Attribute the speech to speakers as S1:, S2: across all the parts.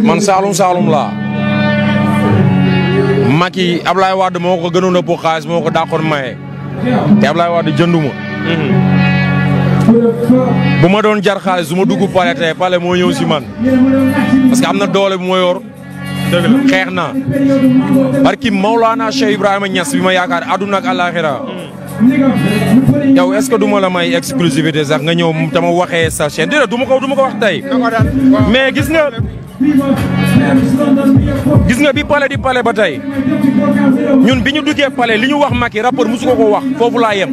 S1: man Saalum Saalum laa. Macky Ablaye Wade moo ko gënoon a ëpp xaalis moo ko dàqoon maye. te Ablaye Wade jënduma bu ma doon jar xaalis su ma dugg pale tey pale moo ñëw si man. parce que am na doole bu ma yor. xeex naa. barki Maulana Cheikh Ibrahima Niass bi ma yaakaar àdduna ak àllaaxira yow est-ce que duma la may exclusivité sax nga ñëw dama waxé sa chaîne déedéet duma ko duma ko wax tay mais gis nga. gis nga bi pale di pale ba tey ñun biñu duggé duggee pale li wax Macky rapport musu ko ko wax fofu la yem.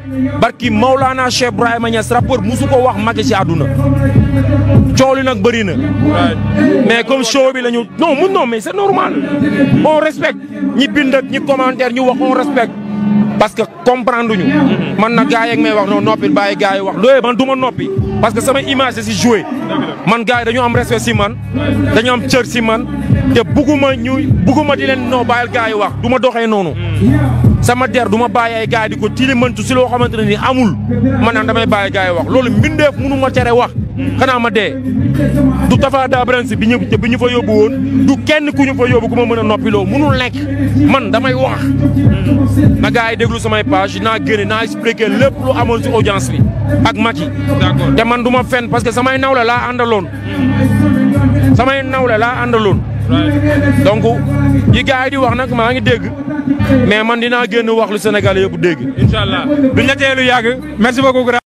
S1: barki Maulana Cheikh Ibrahima Niass rappeur musu ko wax Macky ci àdduna coow li nag bëri na. mais comme show bi la ñu. non mun non mais c'est normal on ñi bind ak ñi commentaire ñu wax on parce que comprendre ñu man na gars yeeg may wax noonu noppi bàyyi gars yi wax looyee man du ma noppi parce que sama image da si joué man gars yi dañu am respect si man dañu am cër si man te bugguma ñu bugguma di leen noo bàyyil gars yi wax du ma doxee noonu sama der du ma bàyyi ay gars yi di ko tilimantu si loo xamante ne nii amul man naan damay bàyyi gars yi wax loolu mbindeef mënu ma tere wax xanaa ma dee du Tafa Dabrance bi te bi ñu fa yóbbu woon du kenn ku ñu fa yóbbu ku ma mën a noppiloo munul nekk man damay wax. na gars yi déglu samay page naa génne naa expliqué lépp lu amoon si audience bi ak Macky. d'accord te man du ma fen parce que samay nawle laa àndaloon. samay nawle laa àndaloon. donc yi gars yi di wax nag maa ngi dégg. mais man dinaa génn wax lu Sénégal yëpp dégg. incha allah duñ la yàgg